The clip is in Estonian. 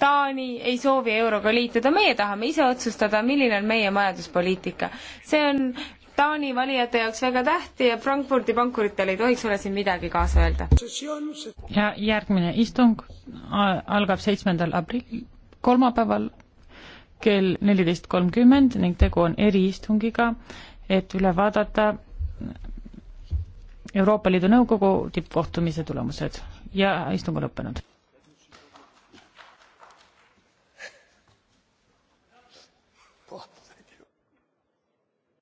Taani ei soovi euroga liituda, meie tahame ise otsustada, milline on meie majanduspoliitika. see on Taani valijate jaoks väga tähti ja Frankfurdi pankuritel ei tohiks olla siin midagi kaasa öelda. ja järgmine istung algab seitsmendal aprillil, kolmapäeval kell neliteist kolmkümmend ning tegu on eriistungiga, et üle vaadata Euroopa Liidu Nõukogu tippkohtumise tulemused ja istung on lõppenud. helppo.